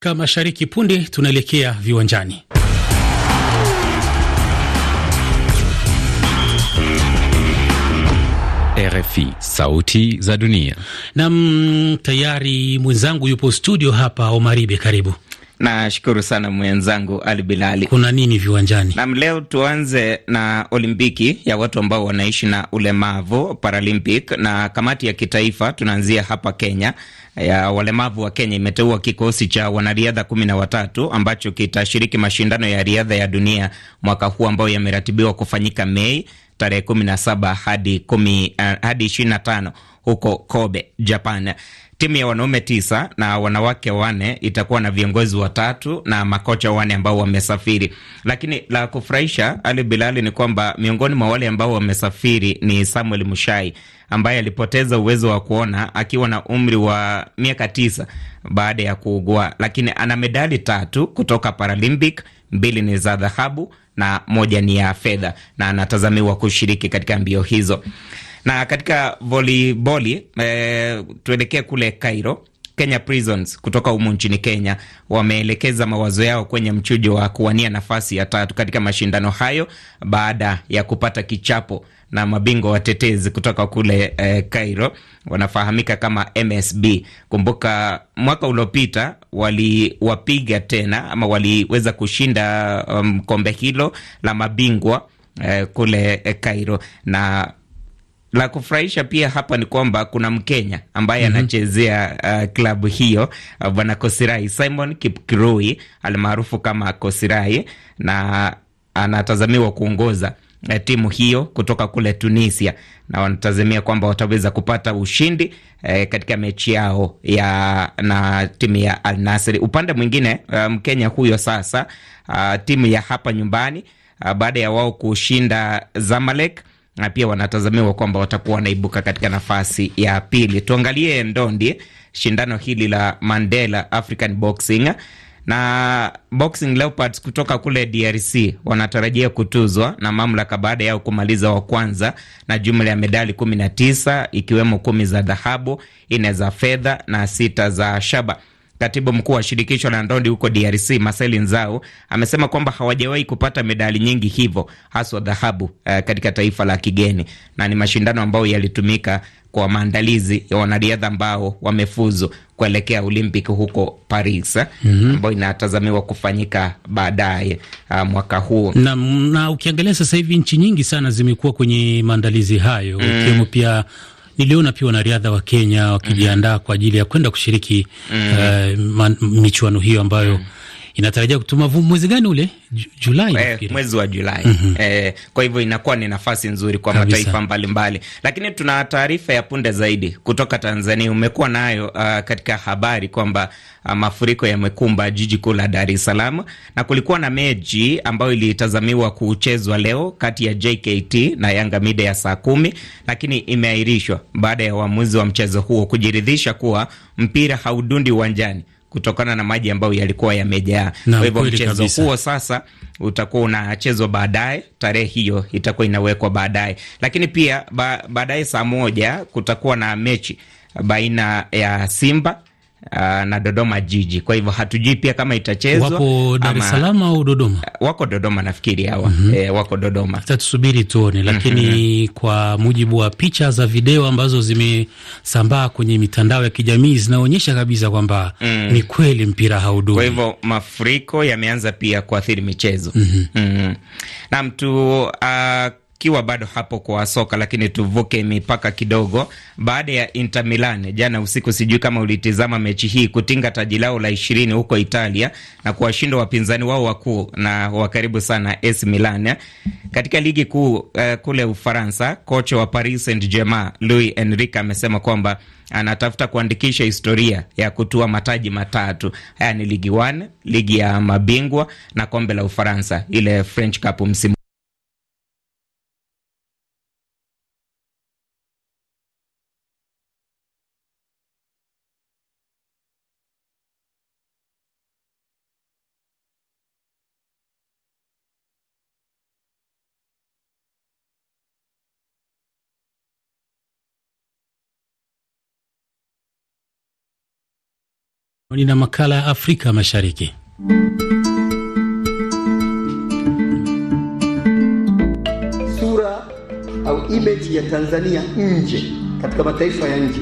Afrika mashariki. Punde tunaelekea viwanjani. RFI, sauti za dunia. Nam tayari mwenzangu yupo studio hapa, Omaribe, karibu. Nashukuru sana mwenzangu Ali Bilali. Kuna nini viwanjani? Nam, leo tuanze na Olimpiki ya watu ambao wanaishi na ulemavu Paralympic, na kamati ya kitaifa, tunaanzia hapa Kenya, ya walemavu wa Kenya imeteua kikosi cha wanariadha kumi na watatu ambacho kitashiriki mashindano ya riadha ya dunia mwaka huu ambao yameratibiwa kufanyika Mei tarehe kumi na saba hadi eh, hadi ishirini na tano huko Kobe, Japan. Timu ya wanaume tisa na wanawake wane itakuwa na viongozi watatu na makocha wane ambao wamesafiri. Lakini la kufurahisha Ali Bilali ni kwamba miongoni mwa wale ambao wamesafiri ni Samuel Mushai ambaye alipoteza uwezo wa kuona akiwa na umri wa miaka tisa baada ya kuugua, lakini ana medali tatu kutoka Paralympic, mbili ni za dhahabu na moja ni ya fedha, na anatazamiwa kushiriki katika mbio hizo. Na katika voliboli eh, tuelekee kule Cairo. Kenya Prisons kutoka humu nchini Kenya wameelekeza mawazo yao kwenye mchujo wa kuwania nafasi ya tatu katika mashindano hayo baada ya kupata kichapo na mabingwa watetezi kutoka kule eh, Cairo wanafahamika kama MSB. Kumbuka mwaka uliopita waliwapiga tena ama waliweza kushinda um, kombe hilo la mabingwa eh, kule eh, Cairo na la kufurahisha pia hapa ni kwamba kuna Mkenya ambaye mm -hmm. anachezea uh, klabu hiyo uh, bwana Kosirai Simon Kipkirui almaarufu kama Kosirai, na anatazamiwa kuongoza uh, timu hiyo kutoka kule Tunisia, na wanatazamia kwamba wataweza kupata ushindi uh, katika mechi yao ya na timu ya Al Upande mwingine uh, Mkenya huyo sasa uh, timu ya hapa nyumbani uh, baada ya wao kushinda Zamalek na pia wanatazamiwa kwamba watakuwa wanaibuka katika nafasi ya pili. Tuangalie ndondi, shindano hili la Mandela African Boxing na Boxing Leopards kutoka kule DRC wanatarajia kutuzwa na mamlaka baada yao kumaliza wa kwanza na jumla ya medali kumi na tisa ikiwemo kumi za dhahabu, nne za fedha na sita za shaba. Katibu mkuu wa shirikisho la ndondi huko DRC Marcel Nzau amesema kwamba hawajawahi kupata medali nyingi hivyo, haswa dhahabu uh, katika taifa la kigeni, na ni mashindano ambayo yalitumika kwa maandalizi ya wanariadha ambao wamefuzu kuelekea Olympic huko Paris eh, mhm. ambayo mm -hmm. inatazamiwa kufanyika baadaye uh, mwaka huu na, na ukiangalia sasa hivi nchi nyingi sana zimekuwa kwenye maandalizi hayo mm. ikiwemo mm. pia niliona pia wanariadha wa Kenya wakijiandaa mm -hmm. kwa ajili ya kwenda kushiriki mm -hmm. uh, michuano hiyo ambayo mm -hmm inatarajia kutuma mwezi gani ule? Julai, eh, mwezi wa Julai. mm -hmm. E, eh, kwa hivyo inakuwa ni nafasi nzuri kwa kabisa, mataifa mbalimbali mbali. Lakini tuna taarifa ya punde zaidi kutoka Tanzania umekuwa nayo uh, katika habari kwamba uh, mafuriko yamekumba jiji kuu la Dar es Salaam na kulikuwa na mechi ambayo ilitazamiwa kuchezwa leo kati ya JKT na Yanga mida ya saa kumi, lakini imeahirishwa baada ya uamuzi wa mchezo huo kujiridhisha kuwa mpira haudundi uwanjani kutokana na maji ambayo yalikuwa yamejaa. Kwa hivyo mchezo huo sasa utakuwa unachezwa baadaye, tarehe hiyo itakuwa inawekwa baadaye, lakini pia ba, baadaye saa moja kutakuwa na mechi baina ya Simba uh, na Dodoma Jiji. Kwa hivyo hatujui pia kama itachezwa. Wako Dar es Salaam au Dodoma? Wako Dodoma nafikiri hawa. mm -hmm. E, wako Dodoma. Tusubiri tuone, lakini mm -hmm. kwa mujibu wa picha za video ambazo zimesambaa kwenye mitandao ya kijamii zinaonyesha kabisa kwamba mm. ni kweli mpira haudumu. Kwa hivyo mafuriko yameanza pia kuathiri michezo. Mhm. mm -hmm. mm -hmm. Na mtu uh, ah, kiwa bado hapo kwa soka, lakini tuvuke mipaka kidogo. Baada ya Inter Milan jana usiku, sijui kama ulitizama mechi hii, kutinga taji lao la ishirini huko Italia na kuwashinda wapinzani wao wakuu na wa karibu sana AC Milan katika ligi kuu uh, kule Ufaransa. Kocha wa Paris Saint-Germain Louis Enrique amesema kwamba anatafuta kuandikisha historia ya kutua mataji matatu. Haya ni ligi 1, ligi ya mabingwa na kombe la Ufaransa, ile French Cup msimu ni na makala ya Afrika Mashariki. Sura au imeji ya Tanzania nje katika mataifa ya nje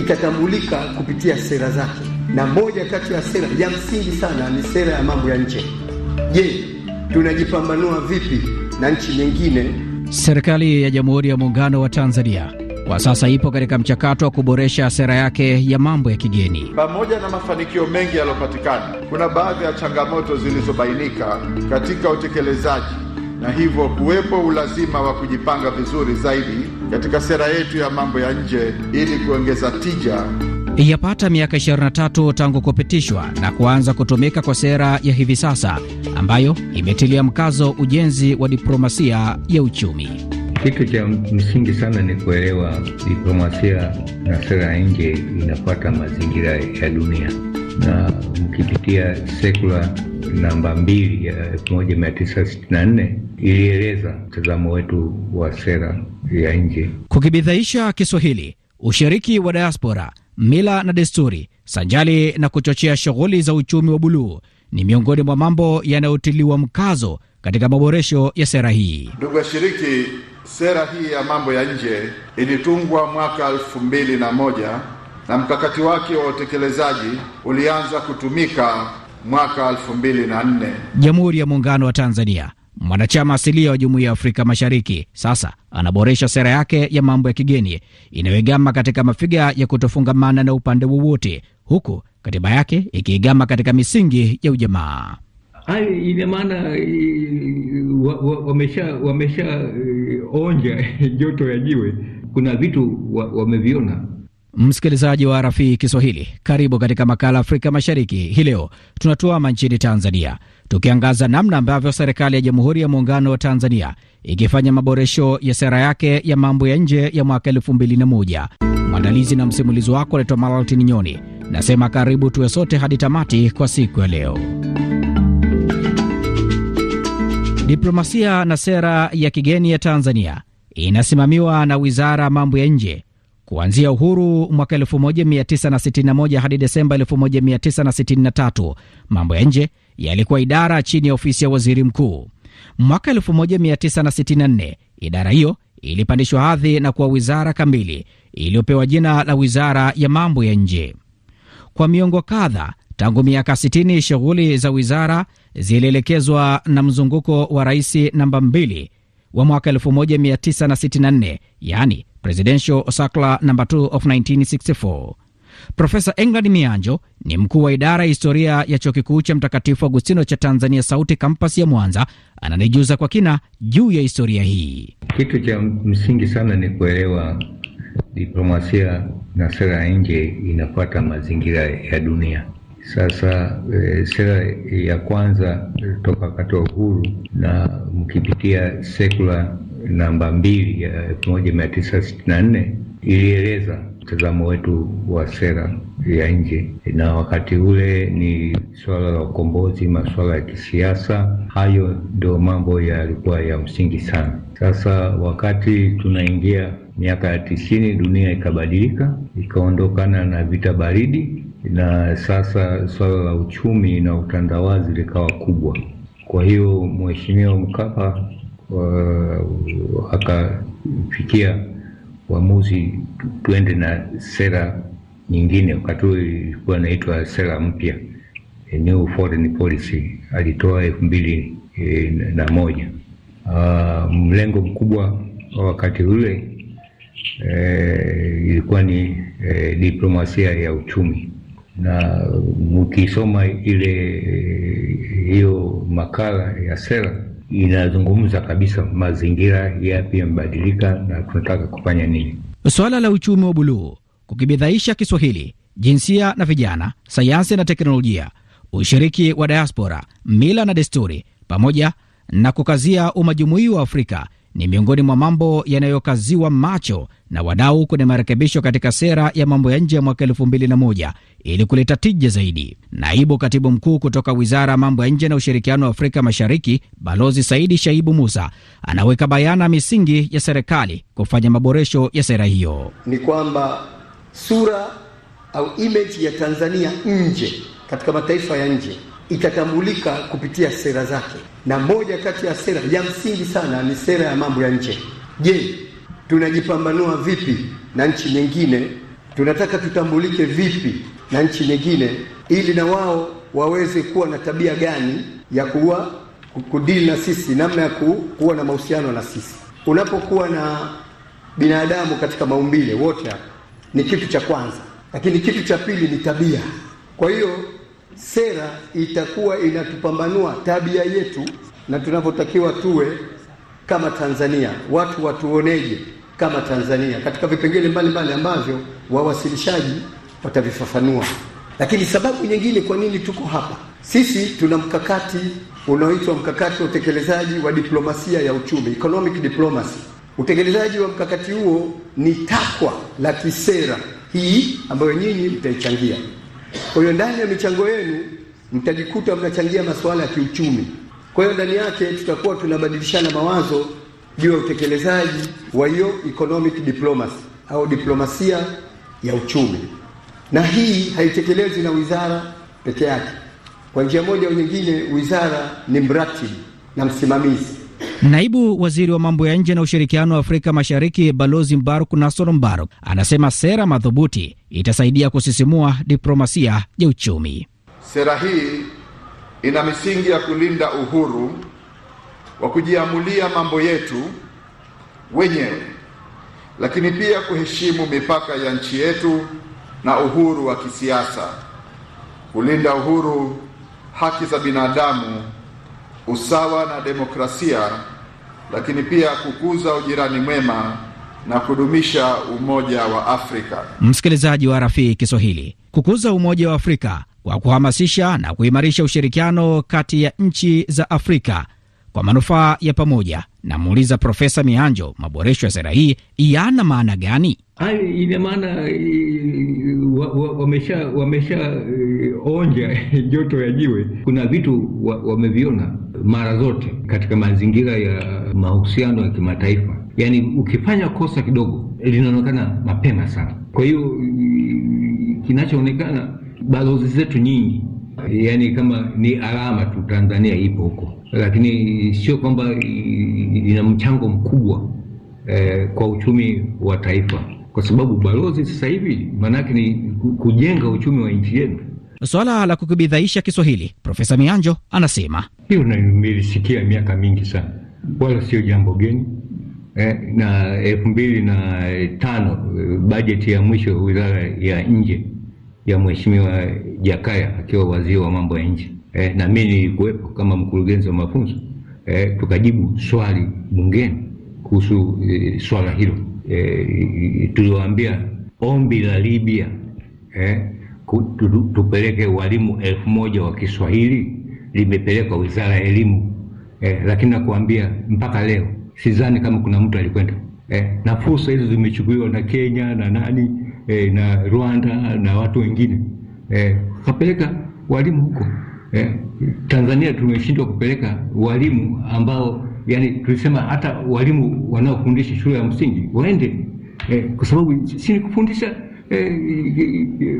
itatambulika kupitia sera zake, na moja kati ya sera ya msingi sana ni sera ya mambo ya nje. Je, tunajipambanua vipi na nchi nyingine? Serikali ya Jamhuri ya Muungano wa Tanzania kwa sasa ipo katika mchakato wa kuboresha sera yake ya mambo ya kigeni. Pamoja na mafanikio mengi yaliyopatikana, kuna baadhi ya changamoto zilizobainika katika utekelezaji na hivyo kuwepo ulazima wa kujipanga vizuri zaidi katika sera yetu ya mambo ya nje ili kuongeza tija. Yapata miaka 23 tangu kupitishwa na kuanza kutumika kwa sera ya hivi sasa ambayo imetilia mkazo ujenzi wa diplomasia ya uchumi. Kitu cha msingi sana ni kuelewa diplomasia na sera ya nje inafuata mazingira ya dunia, na mkipitia sekula namba mbili ya nne ilieleza mtazamo wetu wa sera ya nje. Kukibidhaisha Kiswahili, ushiriki wa diaspora, mila na desturi, sanjali na kuchochea shughuli za uchumi wa buluu ni miongoni mwa mambo yanayotiliwa mkazo katika maboresho ya sera hii. Ndugu washiriki, Sera hii ya mambo ya nje ilitungwa mwaka elfu mbili na moja na mkakati wake wa utekelezaji ulianza kutumika mwaka elfu mbili na nne. Jamhuri ya Muungano wa Tanzania, mwanachama asilia wa Jumuiya ya Afrika Mashariki, sasa anaboresha sera yake ya mambo ya kigeni inayoigama katika mafiga ya kutofungamana na upande wowote, huku katiba yake ikiigama katika misingi ya ujamaa ina maana eh, wamesha wamesha eh, onja joto ya jiwe, kuna vitu wameviona wa Msikilizaji wa Rafii Kiswahili, karibu katika makala Afrika Mashariki. Hii leo tunatuama nchini Tanzania, tukiangaza namna ambavyo serikali ya Jamhuri ya Muungano wa Tanzania ikifanya maboresho ya sera yake ya mambo ya nje ya mwaka moja. Mwandalizi na msimulizi wako anaitwa Malaltin Nyoni, nasema karibu tuwe sote hadi tamati kwa siku ya leo. Diplomasia na sera ya kigeni ya Tanzania inasimamiwa na Wizara ya Mambo ya Nje kuanzia uhuru mwaka 1961 hadi Desemba 1963. Mambo ya nje yalikuwa idara chini ya ofisi ya waziri mkuu. Mwaka 1964 idara hiyo ilipandishwa hadhi na kuwa wizara kamili iliyopewa jina la Wizara ya Mambo ya Nje. Kwa miongo kadha Tangu miaka 60 shughuli za wizara zilielekezwa na mzunguko wa rais namba 2 wa mwaka 1964, yani presidential circular number 2 of 1964. Profesa England Mianjo ni mkuu wa idara ya historia ya chuo kikuu cha Mtakatifu Agustino cha Tanzania Sauti kampasi ya Mwanza, ananijuza kwa kina juu ya historia hii. Kitu cha msingi sana ni kuelewa diplomasia na sera ya nje inafuata mazingira ya dunia sasa e, sera ya kwanza toka wakati wa uhuru na mkipitia sekula namba mbili ya elfu moja mia tisa sitini na nne ilieleza mtazamo wetu wa sera ya nje, na wakati ule ni suala la ukombozi, masuala ya kisiasa. Hayo ndio mambo yalikuwa ya msingi sana. Sasa wakati tunaingia miaka ya tisini, dunia ikabadilika, ikaondokana na vita baridi na sasa swala la uchumi na utandawazi likawa kubwa. Kwa hiyo Mheshimiwa Mkapa uh, akafikia uamuzi tuende na sera nyingine. Wakati huo ilikuwa inaitwa sera mpya, new foreign policy, alitoa elfu mbili e, na moja. Uh, mlengo mkubwa wa wakati ule e, ilikuwa ni e, diplomasia ya uchumi na mkisoma ile hiyo makala ya sera inazungumza kabisa mazingira yapi yamebadilika na tunataka kufanya nini. Swala la uchumi wa buluu, kukibidhaisha Kiswahili, jinsia na vijana, sayansi na teknolojia, ushiriki wa diaspora, mila na desturi, pamoja na kukazia umajumui wa Afrika ni miongoni mwa mambo yanayokaziwa macho na wadau kwenye marekebisho katika sera ya mambo ya nje ya mwaka 2001 ili kuleta tija zaidi. Naibu katibu mkuu kutoka Wizara ya Mambo ya Nje na Ushirikiano wa Afrika Mashariki, Balozi Saidi Shaibu Musa, anaweka bayana misingi ya serikali kufanya maboresho ya sera hiyo. Ni kwamba sura au imeji ya Tanzania nje katika mataifa ya nje itatambulika kupitia sera zake, na moja kati ya sera ya msingi sana ni sera ya mambo ya nje. Je, tunajipambanua vipi na nchi nyingine? Tunataka tutambulike vipi na nchi nyingine, ili na wao waweze kuwa na tabia gani ya kuwa kudili na sisi, namna ya kuwa na mahusiano na sisi. Unapokuwa na binadamu katika maumbile wote hapa ni kitu cha kwanza, lakini kitu cha pili ni tabia. Kwa hiyo sera itakuwa inatupambanua tabia yetu na tunavyotakiwa tuwe kama Tanzania, watu watuoneje kama Tanzania katika vipengele mbalimbali ambavyo wawasilishaji watavifafanua. Lakini sababu nyingine kwa nini tuko hapa, sisi tuna mkakati unaoitwa mkakati wa utekelezaji wa diplomasia ya uchumi, economic diplomacy. Utekelezaji wa mkakati huo ni takwa la kisera hii ambayo nyinyi mtaichangia. Kwa hiyo ndani ya michango yenu mtajikuta mnachangia masuala ya kiuchumi. Kwa hiyo ndani yake tutakuwa tunabadilishana mawazo juu ya utekelezaji wa hiyo economic diplomacy au diplomasia ya uchumi na hii haitekelezwi na wizara peke yake. Kwa njia moja au nyingine, wizara ni mratibu na msimamizi. Naibu waziri wa mambo ya nje na ushirikiano wa Afrika Mashariki, Balozi Mbaruk Nasor Mbaruk, anasema sera madhubuti itasaidia kusisimua diplomasia ya uchumi. Sera hii ina misingi ya kulinda uhuru wa kujiamulia mambo yetu wenyewe, lakini pia kuheshimu mipaka ya nchi yetu na uhuru wa kisiasa, kulinda uhuru, haki za binadamu, usawa na demokrasia, lakini pia kukuza ujirani mwema na kudumisha umoja wa Afrika. Msikilizaji wa rafiki Kiswahili, kukuza umoja wa Afrika kwa kuhamasisha na kuimarisha ushirikiano kati ya nchi za Afrika kwa manufaa ya pamoja. Namuuliza Profesa Mianjo, maboresho ya sera hii yana maana gani? Ina maana eh, wamesha wameshaonja eh, joto ya jiwe. Kuna vitu wameviona mara zote katika mazingira ya mahusiano ya kimataifa, yaani ukifanya kosa kidogo linaonekana mapema sana. Kwa hiyo eh, kinachoonekana balozi zetu nyingi, yaani kama ni alama tu, Tanzania ipo huko lakini sio kwamba ina mchango mkubwa eh, kwa uchumi wa taifa, kwa sababu balozi sasa hivi maanake ni kujenga uchumi wa nchi yetu. Swala la kukibidhaisha Kiswahili, Profesa Mianjo anasema hiyo nimelisikia miaka mingi sana, wala sio jambo geni eh, na elfu mbili na tano bajeti ya mwisho wizara ya nje ya Mheshimiwa Jakaya akiwa waziri wa mambo ya nje eh, na mimi nilikuwepo kama mkurugenzi wa mafunzo eh, tukajibu swali bungeni kuhusu eh, swala hilo eh, tuliwaambia ombi la Libya eh, tupeleke walimu elfu moja wa Kiswahili limepelekwa wizara ya elimu eh, lakini nakuambia mpaka leo sidhani kama kuna mtu alikwenda eh, na fursa hizo zimechukuliwa na Kenya na nani eh, na Rwanda na watu wengine eh, kapeleka walimu huko eh, Tanzania tumeshindwa kupeleka walimu ambao yani tulisema hata walimu wanaofundisha shule ya msingi waende eh, kwa sababu si kufundisha eh,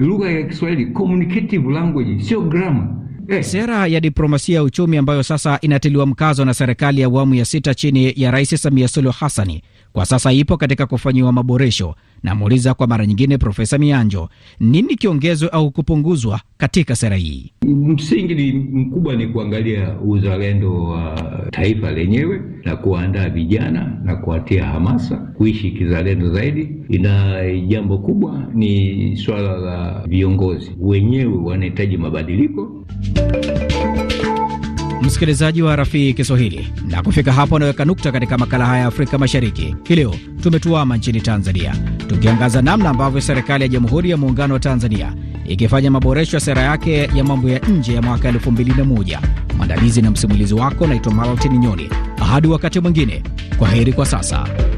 lugha ya Kiswahili communicative language, sio grammar. Eh. Sera ya diplomasia ya uchumi ambayo sasa inatiliwa mkazo na serikali ya awamu ya sita chini ya Rais Samia Suluhu Hassani kwa sasa ipo katika kufanyiwa maboresho. Namuuliza kwa mara nyingine Profesa Mianjo, nini kiongezwe au kupunguzwa katika sera hii? Msingi ni mkubwa ni kuangalia uzalendo wa taifa lenyewe na kuwaandaa vijana na kuwatia hamasa kuishi kizalendo zaidi. Ina jambo kubwa ni swala la viongozi wenyewe wanahitaji mabadiliko msikilizaji wa Rafii Kiswahili, na kufika hapo anaweka nukta katika makala haya ya Afrika Mashariki. Hii leo tumetuama nchini Tanzania, tukiangaza namna ambavyo serikali ya Jamhuri ya Muungano wa Tanzania ikifanya maboresho ya sera yake ya mambo ya nje ya mwaka 2001. Mwandalizi na msimulizi wako naitwa Maltin Nyoni. Hadi wakati mwingine, kwa heri kwa sasa.